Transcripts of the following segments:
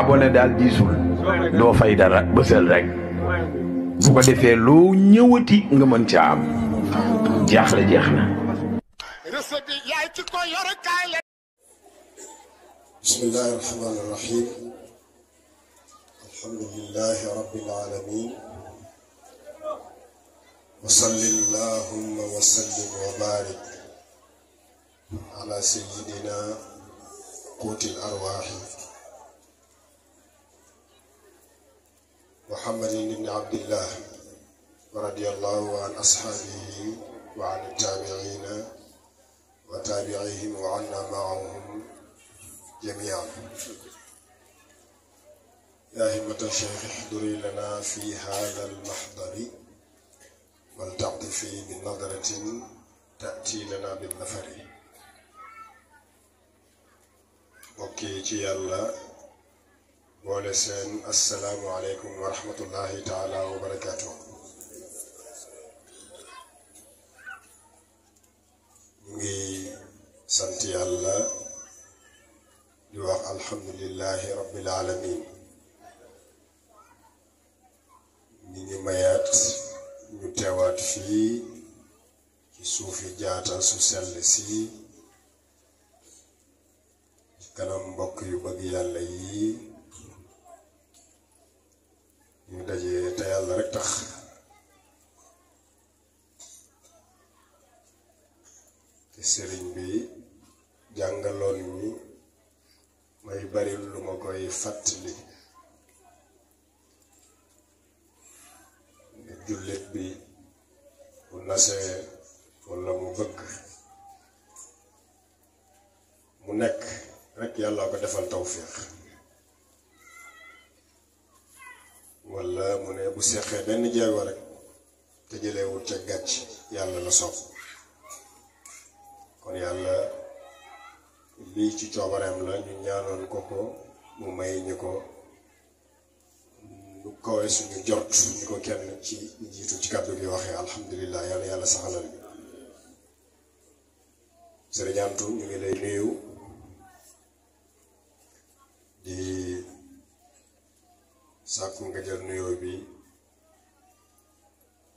abonné daal diisul doo fay dara bësal rek bu ko defee loo ñëwati nga mën caa am jeex la jeex na bismillahi rahmani rahim alhamdulilahi rabbil alamin wa salli allahumma wa wa barik ala sayyidina qutil arwaahi محمد بن عبد الله ورضي الله عن أصحابه وعن التابعين وتابعيهم وعنا معهم جميعا يا همة الشيخ احضري لنا في هذا المحضر ولتعطفي بنظرة تأتي لنا بالنفر وكيتي الله بولسن السلام عليكم ورحمة الله تعالى وبركاته مي سنتي الله يوح الحمد لله رب العالمين مي ميات نتوات في كسوفي جاتا سوسل سي كلام بقي بقي الله يي ñu dajee te yàlla rek tax ci sëriñ bi jàngaloon ñi may bari lu ma koy fàttali ni jullit bi mu nasee walla mu bëgg mu nekk rek yàlla ko defal tawféex ولا من أبو سخي بن جعفر تجلي وتجعش يالا لصوف كن يالا لي تجوبر أملا نجانون كوكو مماي نكو نكو اسمه جورج نكو كان نجي نجي تجكابو في وخي الحمد لله يالا يالا سهلا سرجانتو نجلي نيو sàkku nga jël nuyoo bi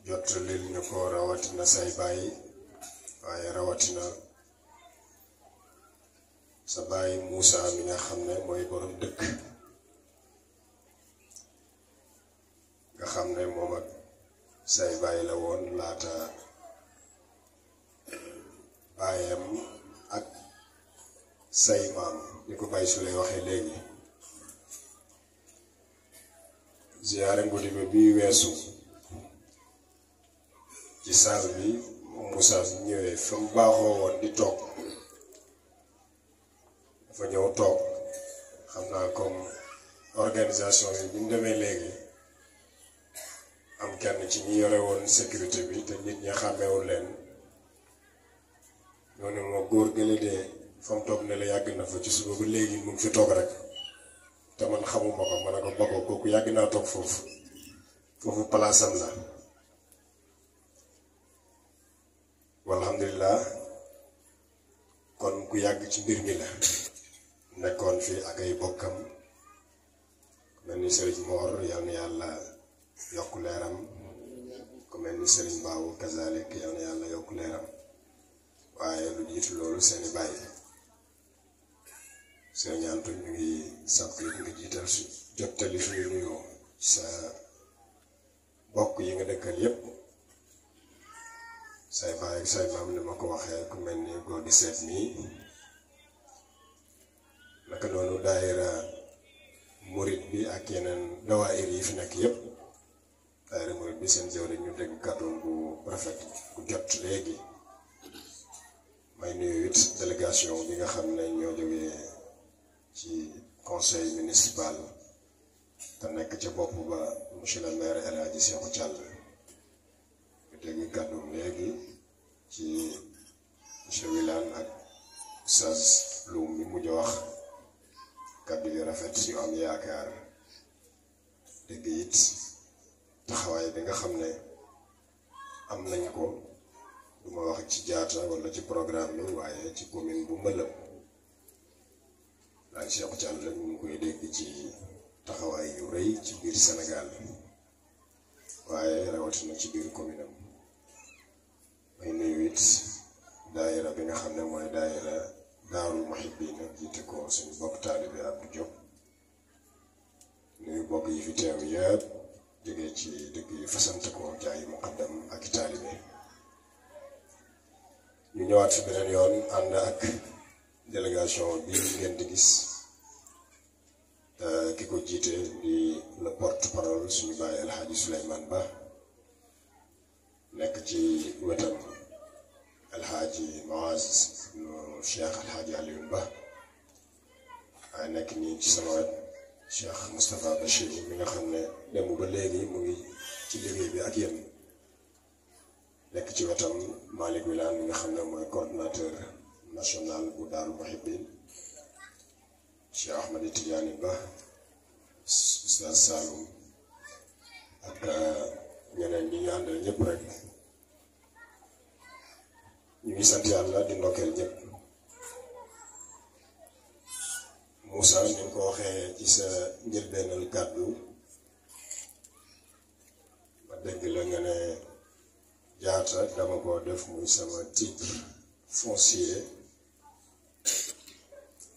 jottalil ñu ko rawatina say baay waaye rawatina sa baay Moussa mi nga xam ne mooy borom dëkk nga xam ne moom ak say baay la woon laata baayam ak say maam ni ko Baye Souleye waxee léegi ziyaare guddi bi bii weesu ci saal bi Moussa bi ñëwee fa mu baaxoo woon di toog dafa ñëw toog xam naa comme organisation yi bi mu demee léegi am kenn ci ñu yore woon sécurité bi te nit ñi xàmmeewul leen ñoo ne moo góor gële de fa mu toog ne la yàgg na fa ci suba ba léegi mu ngi fi toog rek te man xamuma ko ma ne ko bokkoo kooku yàgg naa toog foofu foofu palaasam la walhamdulilah kon ku yàgg ci mbir mi la nekkoon fii ak ay bokkam mel ni sëriñ Moor yal na yàlla yokk leeram ku mel ni sëriñ Baawu kazalik yal na yàlla yokk leeram waaye lu jiitu loolu seeni bàyyi sëñ Antu ñu ngi sant ñu ngi jiital si jottali suñu nuyoo sa bokk yi nga dëkkal yépp say baay ak say ni ma ko waxee ku mel ni góor di seet nii naka noonu daayira murit bi ak yeneen dawaayir yi fi nekk yépp daayira murit bi seen jawri ñu dégg kàddoon bu rafet bu jot léegi may nuyu it bi nga xam ne ñoo jógee ci conseil municipal te nekk ca bopp ba monsieur le maire El Hadji Cheikhou Thiall ñu dégg kàddu léegi ci monsieur Wilane ak sas lu mu mujj wax kàddu yi rafet yu am yaakaar dégg it taxawaay bi nga xam ne am lañ ko duma wax ci jaata wala ci programme bi waaye ci commune bu Mbëlëm ak Cheikh Thiam rek ñu koy dégg ci taxawaay yu ci biir Sénégal waaye rawatina ci biir commune am may nuyu it daayira bi nga xam ne mooy daayira daarul muhibbina jiite ko suñu bokk taalibe Abdou Diop nuyu bokk yi fi teew yëpp jógee ci dëkk yu fasante ko jaay muqaddam ak taalibe ñu ñëwaat fi beneen yoon ànd ak délégation bi ngeen di gis Euh, ki ko jiite di le porte parole suñu bàyyi El Hadj Ba nekk ci wetam El Hadj nu Cheikh El Hadj Ba waaye nekk nii ci sama wet Cheikh Moustapha Bachir nga xam ne démb ba léegi mu ngi ci liggéey bi ak yéen nekk ci wetam Malick Wilane mi nga xam ne mooy coordonnateur national bu Daaru Muhibbin shi ahmad tijani ba ustaz salum ada ñeneen ñi ñu àndal ñëpp rek ñu ngi sant yàlla di ndokkeel ñëpp Moussa ni nga ko waxee ci sa njëlbeenal kàddu ma dégg la nga ne jaata dama ko def muy sama titre foncier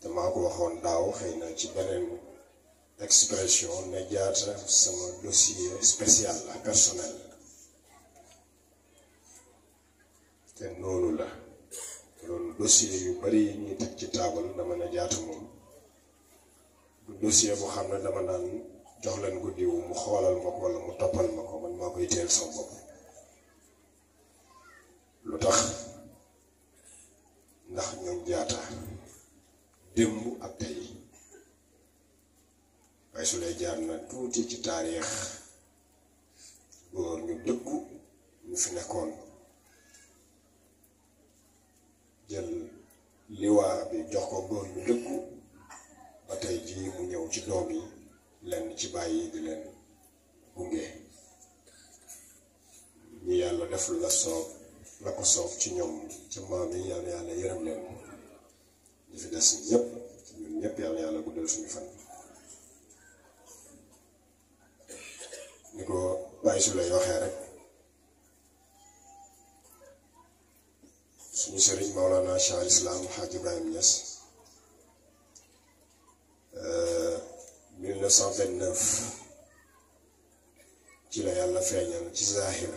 te maa ko waxoon daaw xëy na ci beneen expression ne jaata sama dossier spécial ak personnel te noonu la loolu dossier bari yi teg ci taabal dama na jaata moom bu dossier bu xam ne dama naan jox leen ko mu xoolal ma ko wala mu toppal ma ko man maa koy teel sama bopp lu tax ndax ñoom jaata démb a tey waaye su lay jaar na tuuti ci taarix góor ñu dëggu ñu fi nekkoon jël liwaa bi jox ko góor ñu dëggu ba tey jii mu ñëw ci doom yi lenn ci bàyyi di leen gunge ñu yàlla def la soob la ko soob ci ñoom ca maam yi yàlla yàlla leen ñu fi des ñëpp ñun ñëpp yàlla yàlla guddal suñu fan ni ko bàyyi su lay waxee rek suñu sëriñ Maolana Cheikh al Islam Hadj Ibrahim Niass euh, ci la yàlla feeñal ci zaahir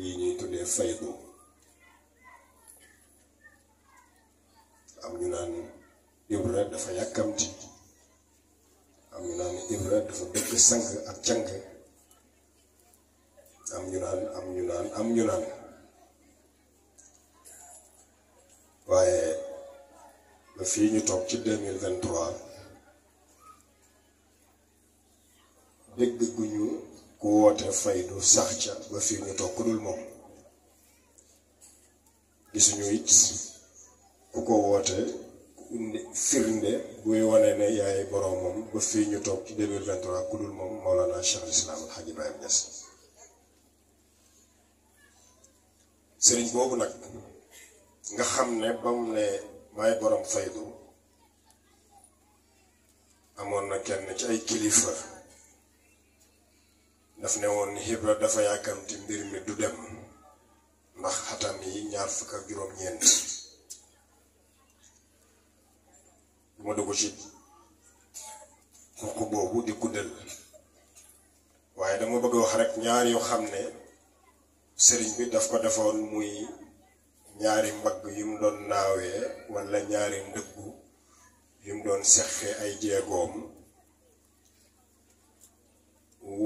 lii ñuy tuddee faydu dafa yàkkamti am ñu naan Ibra dafa dëkk sank ak cank am ñu naan am ñu naan am ñu naan waaye ba fii ñu toog ci deux mille vingt trois dégg gu ñu ku woote faydu sax ca ba fii ñu toog ku dul moom gisuñu it ku ko woote indi firnde buy wane ne yaay borom ba fii ñu toog ci 2023 ku dul moom Mawlana Cheikh Islam El Hadj Ibrahima Niass sëriñ boobu nag nga xam ne ba boroom ne maay amoon na kenn ci ay kilifa daf ne woon Ibra dafa yàkkamti mbir mi du dem ndax xatam yi ñaar fukk juróom-ñeent. du ma dugg ci ruq boobu di guddal waaye dama bëgg wax rek ñaar yoo xam ne sëriñ bi daf ko defoon muy ñaari mbagg yu mu doon naawee walla ñaari ndëggu yu doon seqee ay jéegoom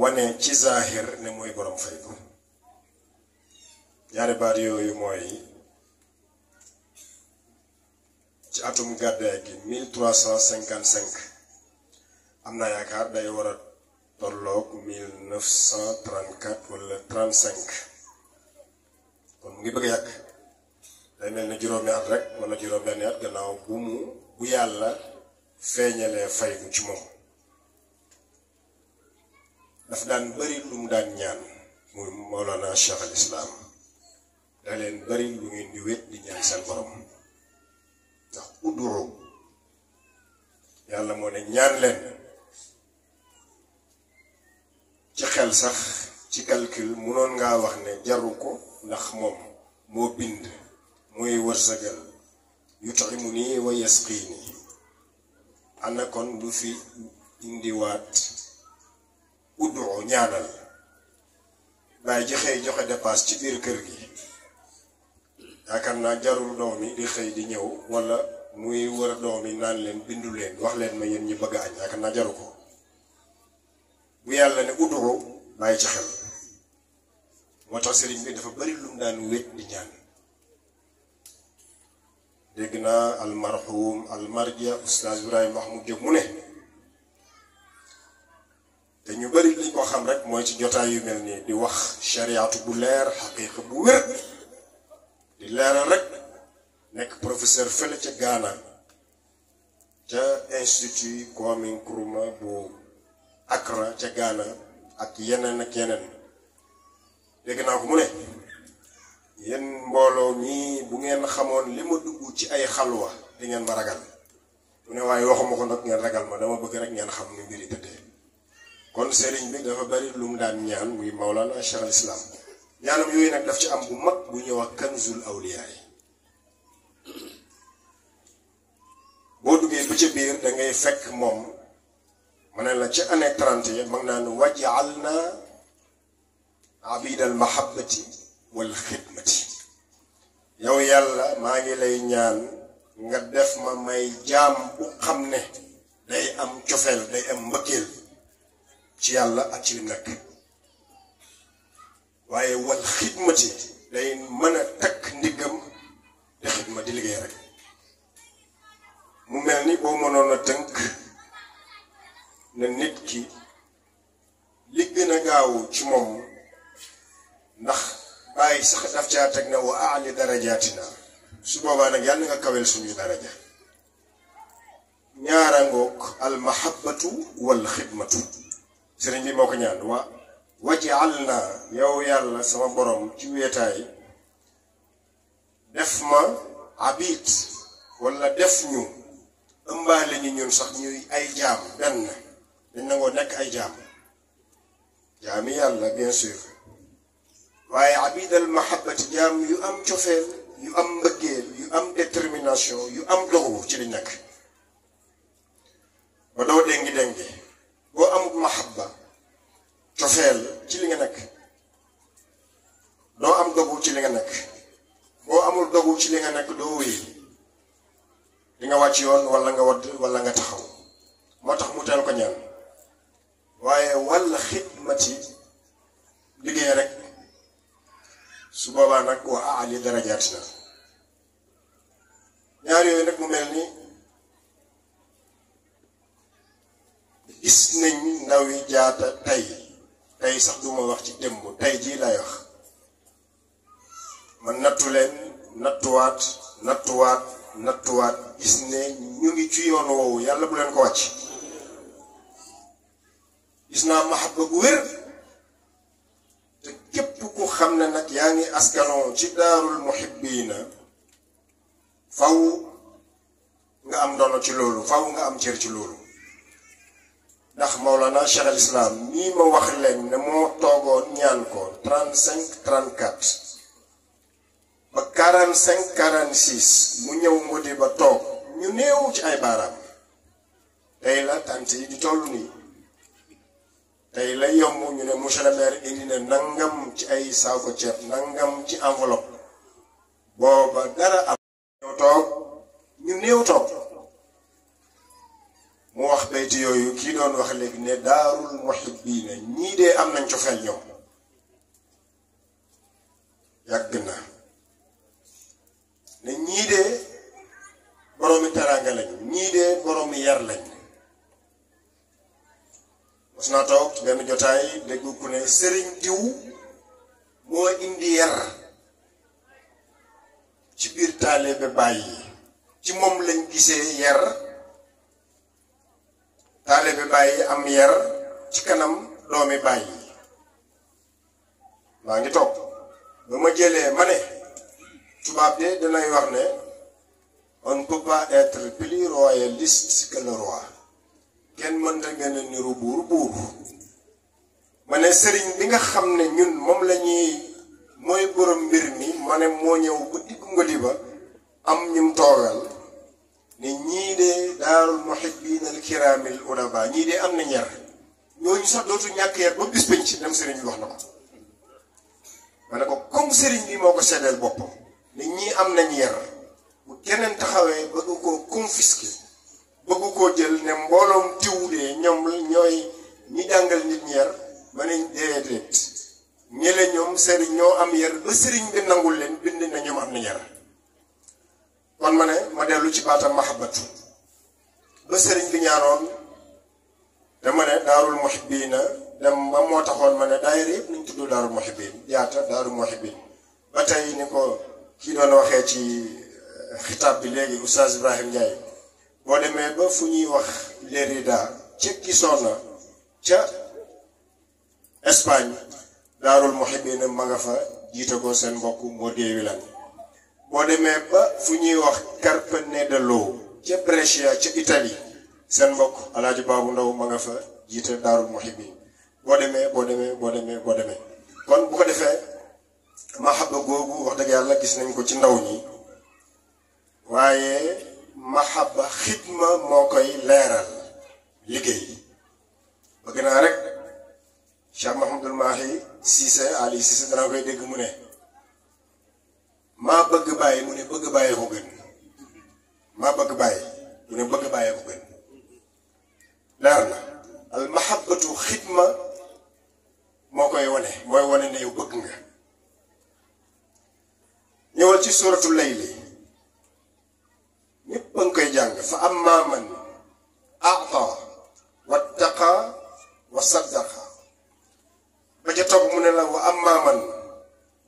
wane ci zaahir ne mooy borom fay ko ñaari baat yooyu mooy ci atum gàddaay gi 1355 am naa yaakaar day war a tolloog kon mu ngi bëgg a yàgg day mel ni juróomi at rek wala juróom-benni gannaaw bu mu bu yàlla feeñalee fay bu ci moom dafa daan bari lu mu daan ñaan muy Mawlana Cheikh al Islam da leen bari lu ngeen di di ñaan seen borom. uduru yàlla moo ne ñaan ci xel sax ci calcul munoon ngaa wax ne jaru ko ndax moom moo bind mooy wërsëgal yutimu nii wa yasqii nii ana kon lu fi indiwaat uddu ñaanal bàyyi ji xëy joxe dépasse ci biir kër gi yaakaar naa jarul doom yi di xëy di ñëw walla muy wër doom yi naan leen bindu wax leen ma yéen ñi bëgg añ yaakaar naa jaru ko bu yàlla ne udduru bàyyi ci xel moo tax sëriñ bi dafa bari lu mu daan wéet di ñaan dégg naa almarhum almarja oustaz Ibrahima Mahmoud Diop mu ne te ñu bari liñ ko xam rek mooy ci jotaay yu mel nii di wax shariatu bu leer xaqiiqa bu wér di leeral rek nekk professeur fële ca Ghana ca institut Kwame Nkrumah bu Accra ca Ghana ak yeneen ak yeneen dégg naa ko mu ne yéen mbooloo mii bu ngeen xamoon li ma dugg ci ay xalwa di ngeen ma ragal mu ne waaye waxuma ko nag ngeen ragal ma dama bëgg rek ngeen xam ni mbiri tëddee kon sëriñ bi dafa bari lu mu daan ñaan muy Mawlana Cheikh al Islam ñaanam yooyu nag daf ci am bu mag bu ñuy wax kanzul awliyaa yi ba ci biir dangay fekk moom ma ne la ci année trente yi mag naa ne wajaal naa abidal mahabbati wal xidmati yow yàlla maa ngi lay ñaan nga def ma may jaam bu xam ne day am cofeel day am mbëggeel ci yàlla ak ci nag waaye wal xidmati day mën a takk ndiggam te xidma liggéey rek mu mel ni boo mënoon a tënk na nit ki li gën a gaaw ci moom ndax bàyyi sax daf caa teg na wa aali darajaatina su boobaa nag yàlla nga kawel suñuy daraja ñaara ngoog al mahabbatu wal xidmatu sëriñ bi moo ko ñaan wa wajaal naa yow yàlla sama borom ci wéetaay def ma abit wala def ñu ëmbaale ñu ñun sax ñuy ay jaam benn dañ nangoo nekk ay jaam jaami yàlla bien sûr waaye abidal mahabbati jaam yu am cofeel yu am mbëggeel yu am détermination yu am dogu ci li nekk ba doo déngi déngi boo amut mahabba cofeel ci li nga nekk doo am dogu ci li nga nekk boo amul dogu ci li nga nekk doo wéy di nga wàcc yoon wala nga wadd wala nga taxaw moo tax mu teel ko ñaan waaye walla xidmati liggéey rek su boobaa nag wa aali darajaatina ñaar yooyu nag mu mel ni gis nañ ndaw yi jaata tey tey sax duma wax ci démb tey jii lay wax man nattu leen nattuwaat nattuwaat nattuwaat gis ne ñu ngi ci yoon woowu yàlla bu leen ko wàcc gis naa mahabba gu wér te képp ku xam ne nag yaa ngi askanoo ci daarul muhibbiina faw nga am dono ci loolu faw nga am cër ci loolu ndax Maulana Cheikh al Islam mii ma wax leen ne moo toogoon ñaan ko 35 34. ba 45 46 mu ñëw ngudi ba toog ñu néew ci ay baaraam tey la tant yi di toll nii tey la yomb ñu ne monsieur indi na nangam ci ay saako ceeb nangam ci enveloppe booba dara am ñoo ñu néew toog mu wax bayti yooyu kii doon wax léegi ne daarul muhibbiina ñii dee am nañ cofeel ñoom yàgg na ne ñii de boroomi teraanga lañu ñii de boroomi yar lañu mos naa toog ci benn jotaay dégg ku ne sëriñ diw moo indi yar ci biir taalibe bàyyi ci moom lañ gisee yar taalibe bàyyi am yar ci kanam doomi bàyyi maa ngi toog ba ma jëlee ma ne tubaab de danay wax ne on ne peut pas être plus royaliste que le roi kenn mënta gën a niru buur buur ma ne sëriñ bi nga xam ne ñun moom la ñuy mooy borom mbir mi ma ne moo ñëw bu digg ngoli ba am ñu mu toogal ne ñii de daarul muhibbiin al kiraamil ulama ñii de am na ñer ñooñu sax dootu ñàkk yar ba bis bañ ci dem sëriñ bi wax na ko ma ne ko comme sëriñ bi moo ko seddeel boppam ne ñi am nañ yar bu keneen taxawee bëgg koo confisquer bëgg koo jël ne mbooloom diw de ñoom ñooy ñi jàngal nit ñi yar ma ne déedéet ñele ñoom sëriñ ñoo am yar ba sëriñ nangul leen bind na ñoom am nañ yar kon ma ne ma dellu ci baatam mahabbatu ba sëriñ bi ñaanoon dama ne daarul muhibbiina dem ma moo taxoon ma ne daayira yëpp nañ tudd daarul muhibbiin yaata daarul muhibbiin ba tey ni ko ki doon waxee ci euh, xitaab bi léegi oustaz Ibrahim boo demee ba fu ñuy wax Lérida ca Kisona ca Espagne daarul muhibbina ma nga fa jiite ko seen mbokk moo dee wilan boo demee ba fu ñuy wax Carpenedo ca Brescia ca Italie seen mbokk alaaji baabu ndaw ma nga fa jiite daarul muhibbin boo demee boo demee boo demee boo demee kon bu ko defee mahaba googu wax dëgg yàlla gis nañ ko ci ndaw ñi waaye mahaba xidma moo koy leeral liggéey bëgg naa rek Cheikh Mahamadul Mahi Cissé Ali Cissé danaa koy dégg mu ne maa bëgg bàyyi mu ne bëgg bàyyi ko gën leer na al mahabatu xidma moo koy wane mooy wane ne yow bëgg nga ñëwal ci suratul layli ñëpp ngi koy jàng fa amma man aata wattaqa wa saddaqa ba ca topp mu ne la wa amma man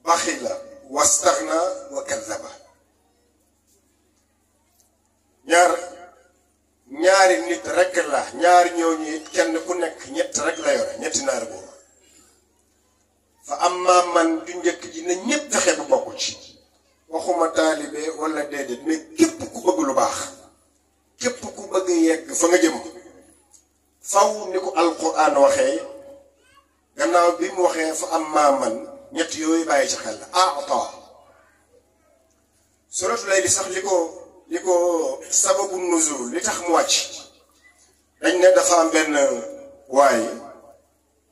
baxila wastaxna wa kaddaba ñaar ñaari nit rekk la ñaari ñooñu it kenn ku nekk ñett rek la yore ñetti naar boobu fa amma man du njëkk ji ne ñëpp fexe bokku ci waxuma taalibe wala déedéet mais képp ku bëgg lu baax képp ku bëgg yegg fa nga jëm faw ni ko alquran waxee gannaaw bi mu waxee fa am maaman ñett yooyu bàyyi ci xel aata suratu lay li sax li ko li ko sababu nuzul li tax mu wàcc dañ ne dafa am benn waay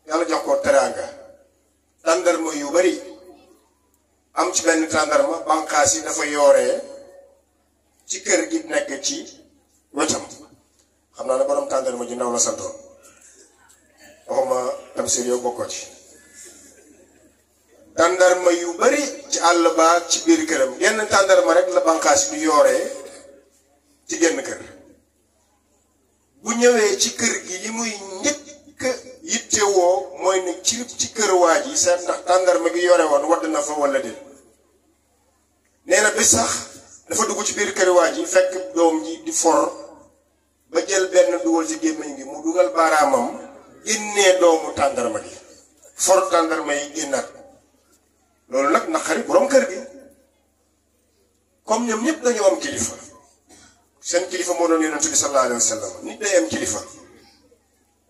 yàlla jox ko teraanga tàndar mooy yu bari am ci benn tàndarma banqaas yi dafa yoore ci kër gi nekk ci wetam xam naa ne borom tàndarma ji ndaw la santoon waxuma tamsir yow bokkoo ci tàndarma yu bari ci àll ba ci biir këram genn tàndarma rek la banqaas yi du ci genn kër bu ñëwee ci kër gi li muy njëkk yittewoo mooy ne ci ci kër waa ji seen ndax tàndarma gi yore woon wadd na fa wala nee bi sax dafa dugg ci biir këri waa ji fekk doom ji di for ba jël benn dugal ci gémmiñ gi mu dugal baaraamam génnee doomu tàndarma gi for tàndarma yi génnaat loolu nag naqari borom kër gi comme ñoom ñëpp dañoo am kilifa seen kilifa moo doon yonent bi sallallahu alayhi nit day am kilifa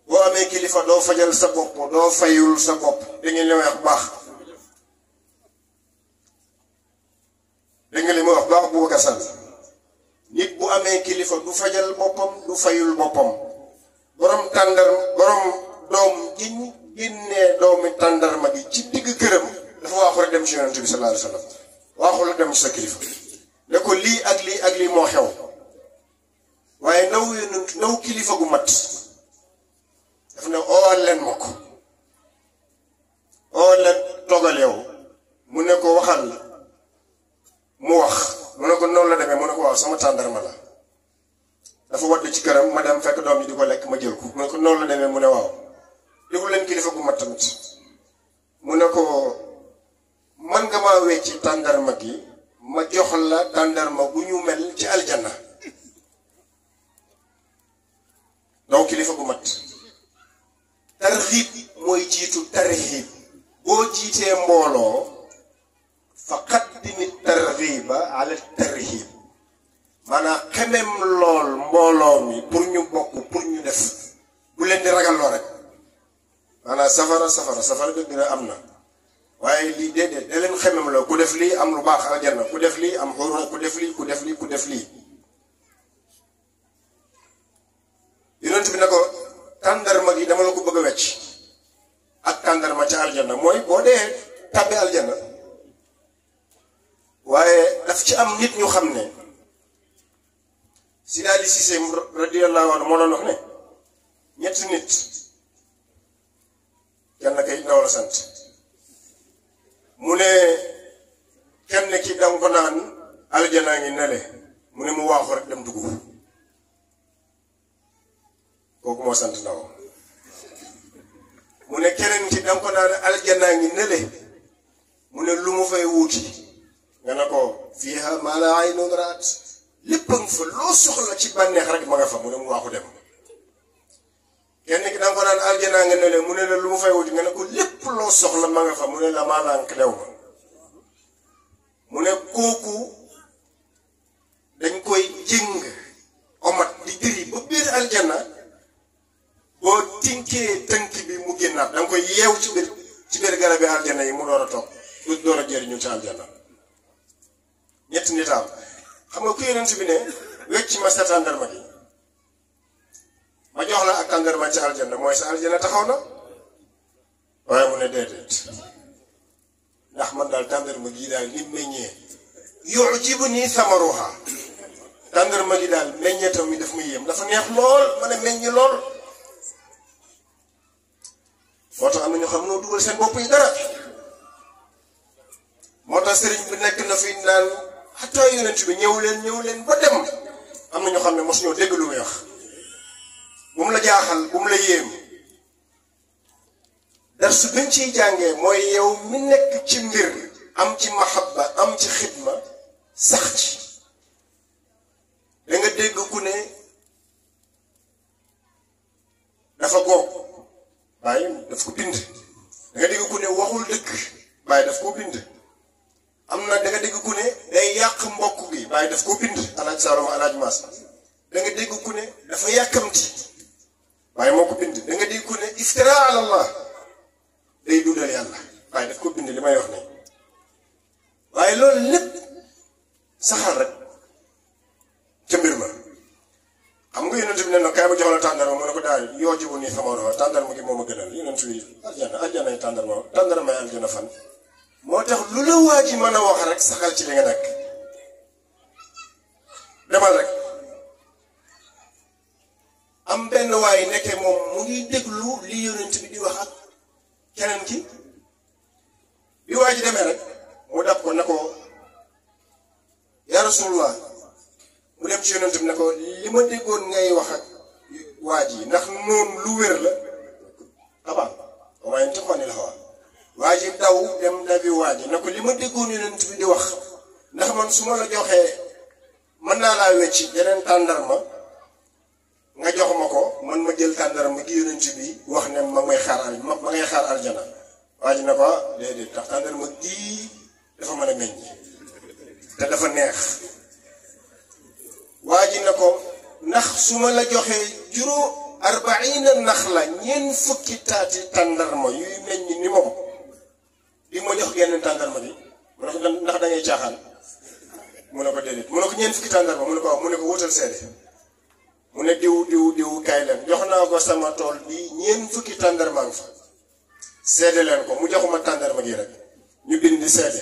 boo amee kilifa doo fajal sa bopp doo fayul sa bopp da ngeen lay baax ko du fajal bopam du fayul bopam borom tàndar borom dom gi ñu domi tandar tàndarma gi ci digg këram dafa waaxu rek dem ci yonent bi sallallahu alayhi wasallam sallam la dem ci sa kilifa ne ko li ak li ak li mo xew waye naw yonent naw kilifa gu mat daf ne o len ma o oo togalew mu ne ko waxal mu wax mu ne ko non la demé mu ne ko waaw sama tàndarma la dafa wadd ci këram ma dem fekk doom yi di ko lekk ma jël ko mu ne ko noonu la demee mu ne waaw joxu leen kilifa gu mat tamit mu ne ko man nga maa wecci tàndarma gi ma jox la tàndarma bu ñu mel ci aljanna donc kilifa gu mat tarxiib mooy jiitu tarxiib boo jiitee mbooloo faqat dini tarxiiba ala tarxiib maanaam xemem lool mbooloo mi pour ñu bokk pour ñu def bu leen di ragaloo rek maanaam safara safara safara dëgg la am na waaye lii déedéet da leen xemem loo ku def lii am lu baax aljanna ku def lii am xuroo ku def lii ku def lii ku def lii yonent bi ne ko tàndarma gi dama la ko bëgg a wecc ak tàndarma ca aljanna mooy boo dee tàbbi aljanna waaye daf ci am nit ñu xam ne Sidi Ali Cissé radiyallahu anhu moo doon wax ne ñetti nit yàlla kay ndaw la sant mu ne kenn ki danga ko naan ngi nele mu ne mu waaxu rek dem dugg kooku moo sant ndaw mu ne keneen ki danga lu mu fay nga ne ko fiiha maa laa aynun raat lépp a fa loo soxla ci bànneex rek ma fa mu ne mu waaxu dem kenn ki da nga ko naan aljanaa nga ne leen mu ne la lu mu fay wuti nga ne ko lépp loo soxla ma nga fa mu ne la maanaam dew mu ne kooku dañ koy jëng omat di diri ba biir aljana boo tinkee tënk bi mu génnaat da nga koy yeew ci biir ci biir garabi aljana yi mu door a toog du door a jëriñu ci aljana ñett nitaam xam nga ku yonent bi ne wecc ma sa tàndarma gi ma jox la ak tàndarma ci aljanna mooy sa aljanna taxaw na waaye mu ne déedéet ndax man daal tàndarma gi daal ni meññee yujibu ni samaruha tàndarma gi daal meññeetam mi daf ma yéem dafa neex lool ma ne meññi lool moo tax am na ñu xam noo dugal seen bopp yi dara moo tax sëriñ bi nekk na fi naan xataa yonent bi ñëw leen ñëw leen ba dem am na ñoo xam ne mos ñoo dégg lu muy wax bu la jaaxal bu la yéem darsu biñ ciy jàngee mooy yow mi nekk ci mbir am ci mahabba am ci xidma sax ci da dégg ku ne dafa goog bàyyi daf ko bind da dégg ku ne waxul dëgg bàyyi daf ko pind am na da nga dégg ku ne day yàq mbokk gi bàyyi daf koo bind alaaj saaroma alaaj maas da nga dégg ku ne dafa yàkkamti waaye moo ko bind da nga dégg ku ne iftira alallah day duudal yàlla waaye daf koo bind li may wax ne waaye loolu lépp saxal rek ca mbir ma xam nga yonent bi ne na kaay ma jox la tàndarma mu ne ko daal yoo jiwu nii xamoo na tàndarma gi moo ma gënal yonent bi aljana aljanay tàndarma tàndarmay aljana fan moo tax lu la waa ji mën a wax rek saxal ci li nga demal rek am benn waaye nekkee moom mu ngi lu li yonent bi di wax ak keneen ki bi waa ji demee rek mu dab ko ne ko yaa Rasulullah mu dem ci yonent bi ne li ma déggoon ngay wax ak waa ji ndax noonu lu wér la abaa wa maa yantiqu anil hawaa واجب داو دم دبي واجب نقول لي ما تقولي ننتبه دوخ نخمن سما لا جوه من لا ويجي جنن تندر ما نجوه ما كو من مجيل تندر مجيء ننتبه دوخ نم ما يخرج ما ما يخرج جنا واجب نبا ليدي تندر مجيء دفع من مني دفع نخ واجب نكو نخ سما لا جوه جرو أربعين نخلة ينفكتات تندر ما يمني نمو bi ma jox genn tàndarma bi mu ne ko ndax da ngay caaxaan mu ne ko déedéet mu ne ko ñeent fukki tàndarma mu ne ko waaw mu ko wutal seede mu ne diw diw diw kaay naa ko sama tool bi ñeent fukki tàndarma nga fa ko mu joxuma tàndarma gi rek ñu bind seede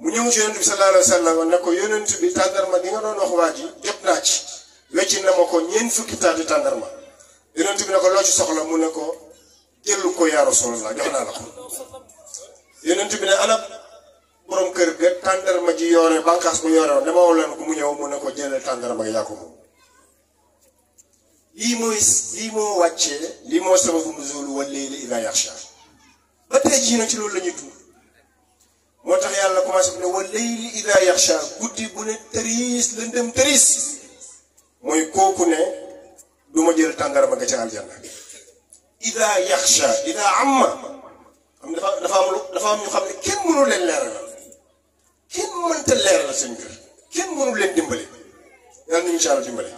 mu ñëw ci yonent bi sallallahu alayhi wa sallam ne ko yonent bi tàndarma gi nga doon wax waa ji jot naa ci wecci ko ñeent fukki taati tàndarma yonent bi ko loo ci soxla mu ne ko jëlu ko yaa Rasulullah jox naa la ko yonent bi ne ana borom kër ga tàndarma ji yoore bànqaas bu yoore woon dama woo leen ko mu ñëw mu ne ko jëlal tàndarma yaa ko moom lii mooy lii moo wàccee lii moo sababu nuzul wal layli idha yaghsha ba tey jii na ci loolu la ñuy tuur moo tax yàlla commencé bu ne wal layli idha yaghsha guddi bu ne tëriis lëndëm tëriis mooy kooku ne du ma jël tàndarma ga ca aljanna idha yaghsha idha dafa dafa am lu dafa am ñu xam ne kenn mënu leen leeralal kenn mënta leeralal seen mbir kenn mënu leen dimbali yàlla nañu incha allah dimbali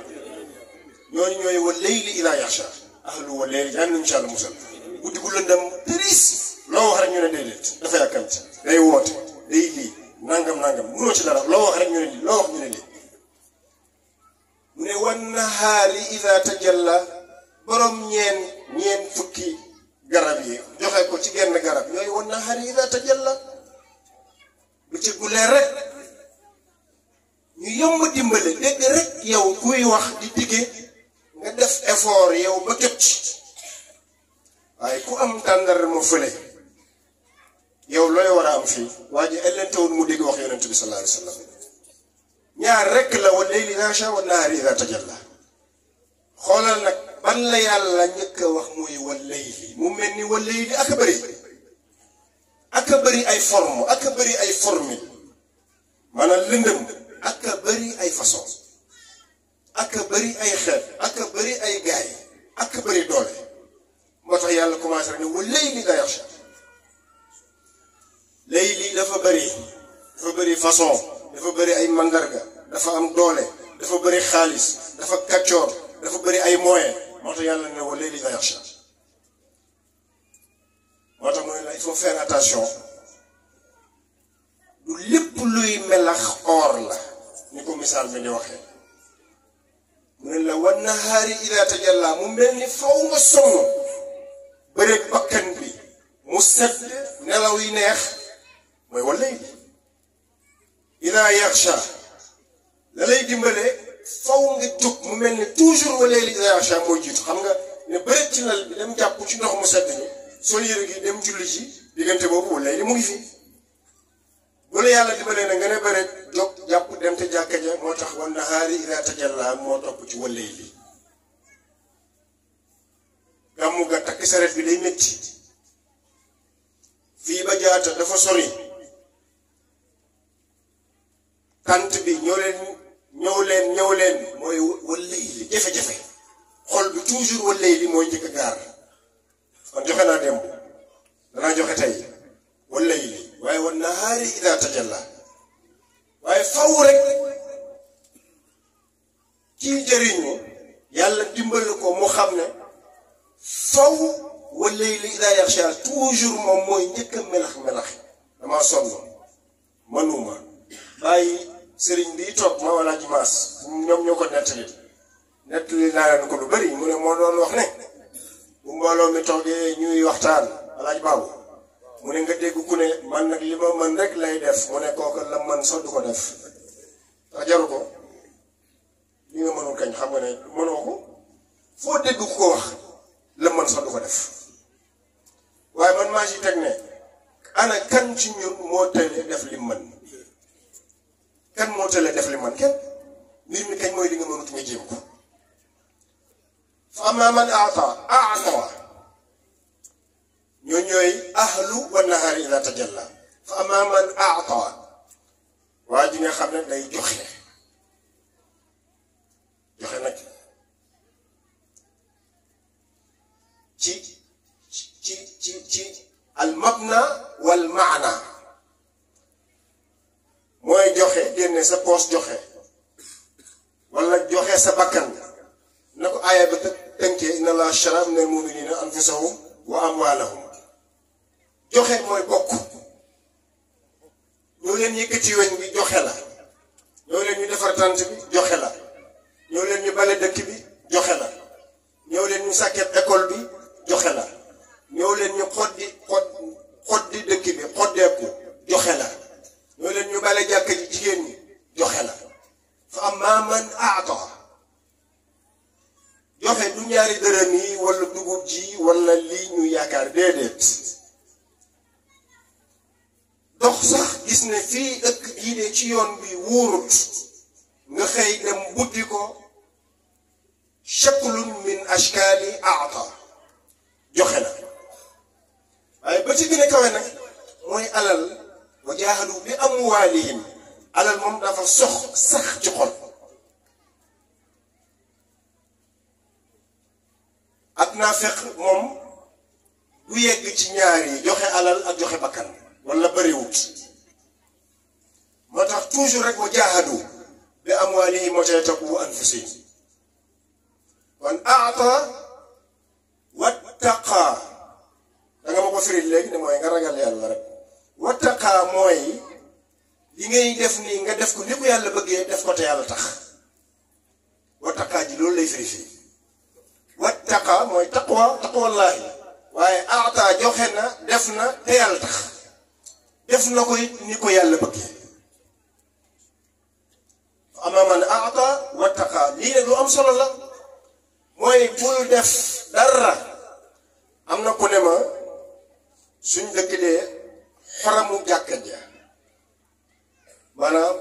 ñooñu ñooy wa layli ila yaxsha ahlu wa layli yàlla nañu incha allah musal guddi gu lëndam tëris loo wax rek ñu ne déedéet dafa yàkkamti day woote day lii nangam nangam mënoo ci dara loo wax rek ñu ne lii loo wax ñu ne lii mu ne wan nahaari ida tajalla borom ñeen ñeen fukki garab yi joxe ko ci genn garab yooyu wan na xar yi daa tajal bu ci gulee rek ñu yomb dimbale dégg rek yow kuy wax di digge nga def effort yow ba jot waaye ku am tàndar ma fële yow looy war a am fii waa ji ellentewoon mu dégg wax yonent ñaar rek la wa layli daa shaa wa nahaari daa tajal la xoolal nag ban la yàlla njëkk a wax mooy wallayli mu mel ni wallayli ak a bëri ak a bëri ay forme ak a bëri ay formule maanaam lëndëm ak a bëri ay façon ak a bëri ay xeet ak a bëri ay gaay ak a bëri doole moo tax yàlla commencé rek ne wallayli la yaxsha layli dafa bëri dafa bëri façon dafa bëri ay mandarga dafa am doole dafa bëri xaalis dafa kaccoor dafa bëri ay moyen moo tax yàlla ne wa layli idhaa yaghshaa moo tax mu la il faut faire attention du lépp luy melax or la ni ko misaal mi di waxee mu ne la wan nahaari idhaa tajallaa mu mel ni faw nga sonn bëreeg bakkan bi mu set nelaw yi neex mooy wa layli idhaa yaghshaa la lay dimbale faw nga jóg mu mel ni toujours wala élimination mooy jiitu xam nga ne bëreet ci lal bi dem jàpp ci ndox mu sedd ni sol yére gi dem julli ci diggante boobu wala li mu ngi fi. bu la yàlla dimbalee nag nga ne bëreet jóg jàpp dem te jàkka tax wan nahaari ila tajalla moo topp ci wala li gàmmu ga fii ba jaata dafa sori tant bi ñoo leen. ñëw leen ñëw leen mooy wallay li jafe-jafe xol bi toujours wallay li mooy njëkk a gaar man joxe naa démb danaa joxe tey wallay li waaye wan nahaari ida tajalla waaye faw rek kii jëriñ mo yàlla dimbali ko mu xam ne faw wallay li ida yaxsha toujours moom mooy njëkk a melax melax damaa sonn manuma bàyyi sëriñ bi toog ma wala jimaas ñoom ñoo ko nettali nettali naa leen ko lu bari mu ne moo doon wax ne bu mbooloo waxtaan alaaj baabu mu ne nga dégg ku ne man li ma rek lay def mu ne kooku la mën sax du ko def te jaru ko kañ xam nga ne mënoo ko foo dégg ku ko wax la mën sax ko def waaye man maa ci teg ne ana kan ci ñun moo tële def li mën كان موتلا دفل من كان نيم كان موي ليغا مانوت ني جيمكو فاما من اعطى اعطى ньо ньой اهل والنهار اذا تجلى فاما من اعطى واجي nga xamne day joxe joxe nak ci ci ci ci المبنى والمعنى sa poos joxe wala joxe sa bakkan na ko aaya ba tënkee inna laa shara min al muminina anfusahum wa amwaalahum joxe mooy bokk ñoo leen yëkkati weñ bi joxe la ñoo leen ñu defar tant bi joxe la ñoo leen ñu bale dëkk bi joxe la ñoo leen ñu sàkket école bi joxe la ñoo leen ñu xoddi xod xoddi dëkk bi xoddeeku joxe la ñoo leen ñu bale jàkk ji jigéen ñi joxe la fa amma man aata joxe du ñaari dërëm yi wala dugub ji wala lii ñu yaakaar déedéet dox sax gis ne fii ëkk gii de ci yoon bi wóorut nga xëy dem buddi ko shaklun min ashkaali aata joxe la waaye ba ci gën a kawe nag mooy alal wa jaahalu bi amwaalihim alal moom dafa sox sax ci xol ak naa fekk moom du yegg ci ñaar yi joxe alal ak joxe bakkan wala bëriwut moo tax toujours rek wa jaahadu bi amwaalihim wa taqu anfusihim kon aata wattaqa da ma ko firil léegi ne mooy nga ragal yàlla rek wattaqa mooy li ngay def nii nga def ko ni ko yàlla bëggee def ko te yàlla tax wattaqaa ji loolu lay firi fii wattaqa mooy taqwa taqwallaahi waaye aataa joxe na def na te yàlla tax def na ko it ni ko yàlla bëggee ama man aataa wattaqaa lii ne lu am solo la mooy bul def dara am na ku ne ma suñ dëkk dee xaramu jàkka ja maanaam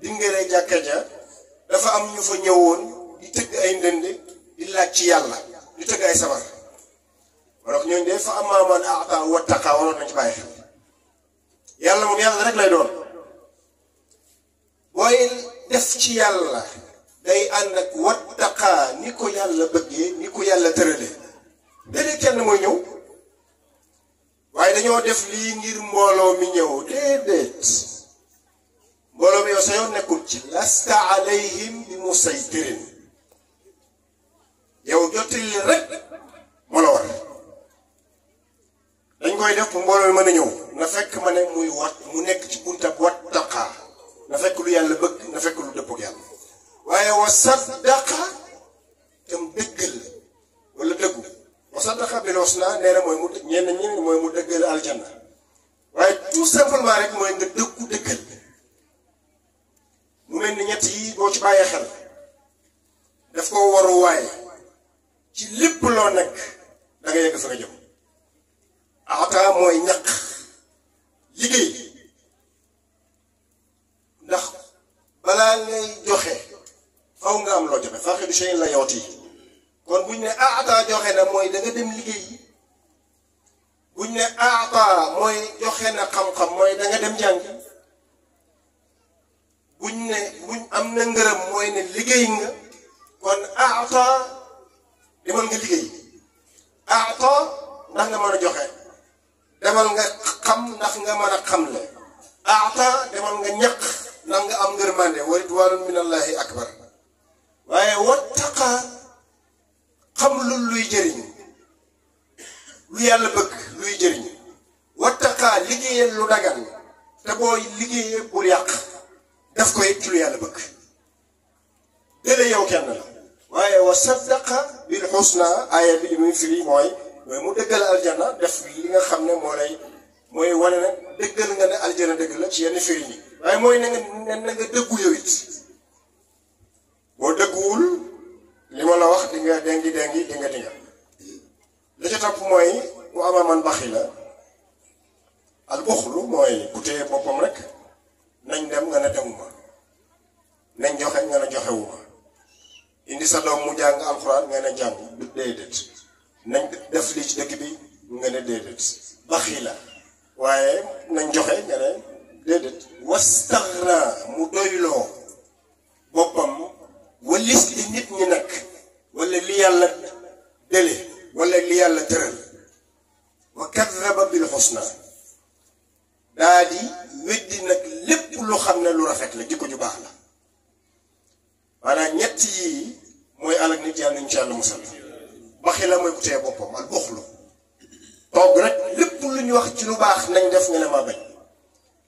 dingere jàkka ja dafa am ñu fa ñëwoon di tëgg ay ndënd di laaj ci yàlla di tëgg ay sabar wala ñooñu de fa amaaman aata wattaqa waroon nañ ci bàyyi yàlla moom yàlla rek lay doon booy def ci yàlla day ànd ak wattaqa ni ko yàlla bëggee ni ko yàlla tëralee déedéet kenn mooy ñëw waaye dañoo def lii ngir mbooloo mi ñëw déedéet mbooloo mi yow sa yoon nekkul ci lasta alayhim bi musaytirin yow jottali leen rek moo la war dañ koy def bu mbooloo mi mën a ñëw nga fekk ma ne muy wat mu nekk ci buntab wat taqaa na fekk lu yàlla bëgg na fekk lu dëppog yàlla waaye wa saddaqa tam dëggal wala dëggu wa saddaqa bi naa nee na mooy mu ñenn ñeneen mooy dëggal aljanna waaye tout simplement rek mooy nga dëggu dëggal mu mel ni ñett yi boo ci bàyyee xel daf ko waru ci lépp loo nekk da nga yegg fa nga jëm ata mooy ñaq liggéey ndax balaa ngay joxe faw nga am loo joxe faaxe du seen la yowti kon buñ ne ata joxe na mooy da nga dem liggéey buñ ne ata mooy joxe na xam-xam mooy danga dem jàngi buñ ne buñ am na ngërëm mooy ne liggéey nga kon aata demal nga liggéey aata ndax nga mën a joxe demal nga xam ndax nga mën a xam le aata demal nga ñaq ndax nga am ngërmande wa ridwanun min allahi akbar waaye wattaqa xam lu luy jëriñ lu yàlla bëgg luy jëriñ wattaqa liggéeyal lu dagan te boo liggéeyee bul yàq daf koy ci lu yàlla bëgg léeg-léeg yow kenn la waaye wa saddaqa bil xusna aaya bi li muy firi mooy mooy mu dëggal aljanna def li nga xam ne moo lay mooy wane ne dëggal nga ne aljanna dëgg la ci yenn firi yi waaye mooy na nga na nga dëggu yow it boo dëgguwul li ma la wax di nga dengi dengi di nga dinga li ca topp mooy mu ama man baxi la al buxlu mooy ku téye boppam rek nañ dem nga ne demuma nañ joxe nga ne joxewuma indi sa doom mu jàng alxuraan nga ne jàng du déedéet nañ def lii ci dëkk bi nga ne déedéet baxi la waaye nañ joxe nga ne déedéet wastaxna mu doyloo boppam walis li nit ñi nag wala li yàlla dele wala li yàlla tëral wa kadaba bil xusna daa di weddi nag lépp lu xam ne lu rafet la jikko ju baax la maanaam ñett yii mooy alak nit yàlla nañu ci yàlla musal baxi la mooy ku tee boppam ak boxlu toog rek lépp lu ñu wax ci lu baax nañ def nga ma bañ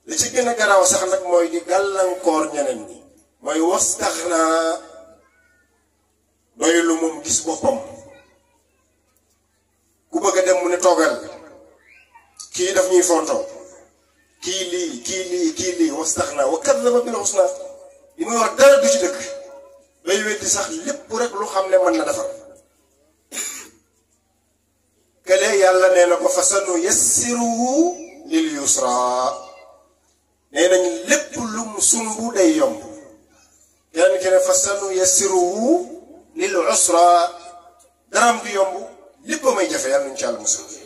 li ci gën a garaaw sax nag mooy di gàllankoor ñeneen ñi mooy was tax naa doyu lu moom gis boppam ku bëgg a dem mu ne toogal kii daf ñuy fontoo كيلي كيلي كيلي واستغنى وكذب بالحسنى يما وراك دار دو شي دك باي ويدي صاح لب رك لو خامل من لا دفر كلا يالا نينا كو فسنو يسروا لليسرى نينا لب لوم سمبو داي يوم يالا كنا فسنو يسروا للعسرى درام بيومبو لب ما يجفى يالا ان شاء الله مسلمين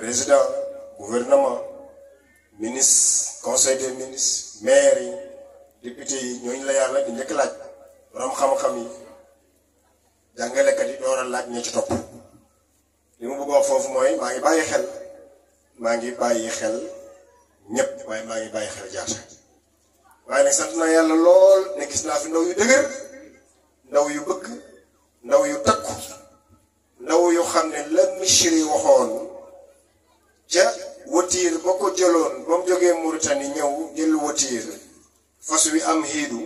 président gouvernement ministre conseil des ministres maire yi député yi ñooñu la yàlla di njëkk laaj borom xam-xam yi jàngalekat yi door a laaj ña ci topp li ma bëgg foofu mooy maa ngi bàyyi xel maa ngi bàyyi xel ñëpp maa ngi bàyyi xel jaata waaye nag sant naa yàlla lool ne gis naa fi ndaw yu dëgër ndaw yu bëgg ndaw yu takku ndaw yu xam ne la misiri waxoon ca watiir ba ko jëloon ba mu jógee Mauritanie ñëw jël watiir fas wi am xiidu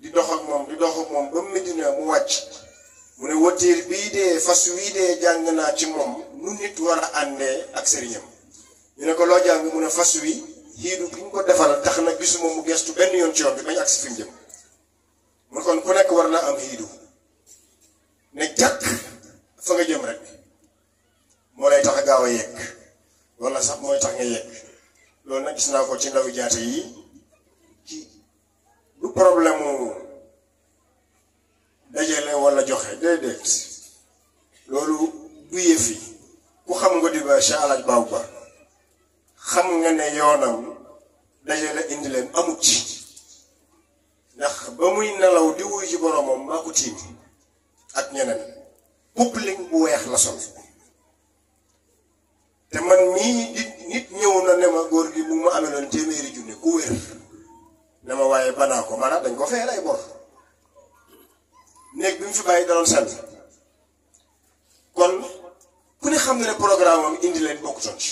di dox ak moom di dox moom ba Medina mu wàcc mu ne watiir bii dee fas wii dee jàng naa ci moom nu nit war a àndee ak sëriñam ñu ne ko loo jàng mu ne fas wi xiidu bi ñu ko defal tax na gisuma mu gestu benn yoon ci yoon bi bañ ak si fi jëm mu kon ku nekk war naa am xiidu ne jàkk fa nga jëm rek moo lay tax gaaw a yegg wala sax mooy tax nga yegg loolu nag gis naa ko ci ndaw jaate yi ci du problème mu dajale wala joxe déedéet loolu du yëf ku xam nga di ba Cheikh Alaj Baaw Ba xam nga ne yoonam dajale indi leen amut ci ndax ba muy nelaw di wuy ci boromam maa ko tiim ak ñeneen public bu weex la sol te man mii nit nit na ne ma góor gi bu ma amee loon téeméeri junni ku wér ne ma waaye banaa ko maanaam dañ ko fayal ay bor néeg bi mu fi bàyyi daloon sell kon ku ne xam na ne programme indi leen bokkutoon ci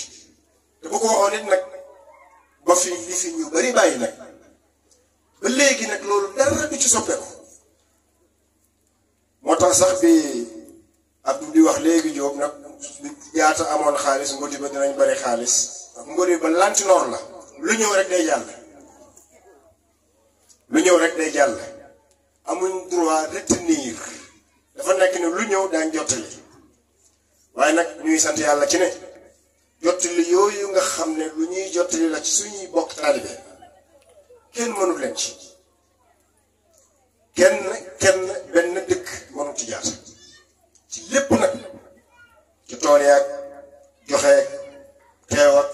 te bu ko waxoon nit nag ba fi li fi ñu bari bàyyi nag ba léegi nag loolu dara du ci soppeeku moo tax sax bi Abdou di wax léegi Diop nag. bi yaata amoon xaalis ngóti ba dinañ bari xaalis ngóti ba lantinoor la lu ñëw rek day jàll lu ñëw rek day jàll amuñ droit retenir dafa nekk ne lu ñëw daañ jottali waaye nag ñuy sant yàlla ci ne jottali yooyu nga xam ne lu ñuy jottali la ci suñuy bokk taalibe kenn mënu leen ci kenn kenn benn dëkk mënu ci jaata ci lépp nag ci tool yaag joxeeg teewaat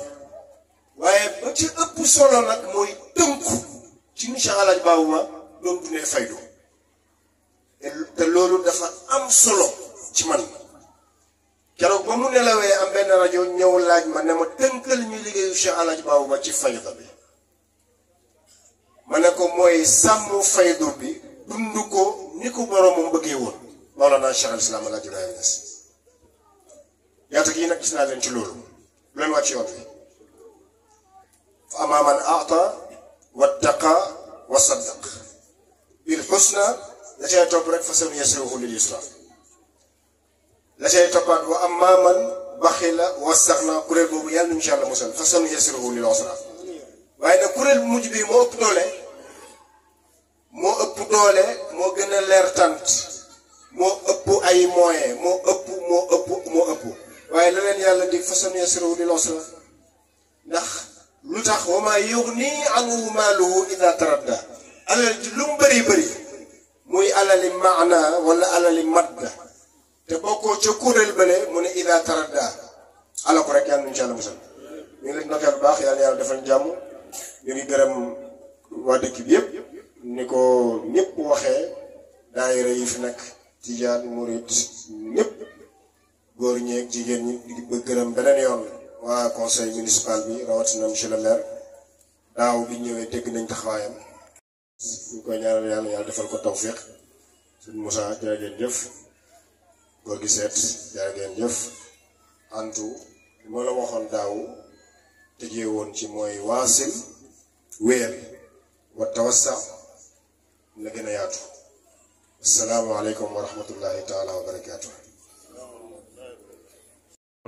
waaye ba ci ëpp solo nag mooy tënku ci ni Cheikh Alaaji Baabu ma doon dundee faydu te loolu dafa am solo ci man keroog ba mu nelawee am benn rajo ñëw laaj ma ne ma tënkal ñu liggéeyu Cheikh Alaaji Baabu ma ci fayda bi ma ne ko mooy sàmm faydu bi dund ko ni ko boroomam bëggee woon Mawlana Cheikh al Islam Alaaji Ibrahima Niass ñaata gi nag gis naa leen ci loolu lu leen wàcc yoon fi fa amaa man aata wattaqa wa saddaq bil xusna la cay topp rek fa seen yasiruhu lil yusra la cay toppaat wa amaa man baxila wa saxna kuréel boobu yàlla nañu ci yàlla musal fa seen yasiruhu lil usra waaye nag kuréel bu mujj bi moo ëpp doole moo ëpp doole moo gën a leer tant moo ëpp ay moyen moo ëpp waaye la leen yàlla dig façon yasiru li los la ndax lu tax wa maa yughni anhu maaluhu ida taradda alal ji lu mu bëri bëri muy alali maana wala alali madda te bokkoo ca kuréel bële mu ne ida taradda ala ko rek yàlla nañu ngi leen noteel bu baax yàlla yàlla defal jàmm ñu ngi gërëm waa dëkk bi yëpp ni ko ñëpp waxee daayira yi fi nekk tijaan murit ñëpp góor ñeeg jigéen ñi di ba gërëm beneen yoon waa conseil municipal bi rawatina monsieur le maire daaw bi ñëwee dégg nañ taxawaayam. ñu koy ñaanal yàlla yàlla defal ko tawfiq suñu Moussa jërë ngeen jëf góor gi seet jërë jëf antu li ma la waxoon daaw tëjee woon ci mooy waasil wéyal wa tawassa na gën a yaatu. asalaamaaleykum wa rahmatullahi taala wa barakaatu.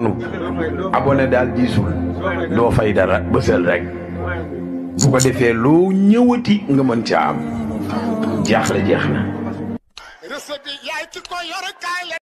a abonné daal diisul doo fay dara bësal rek bu ko defee loo ñëwati nga mën ca am jaaxle jeex na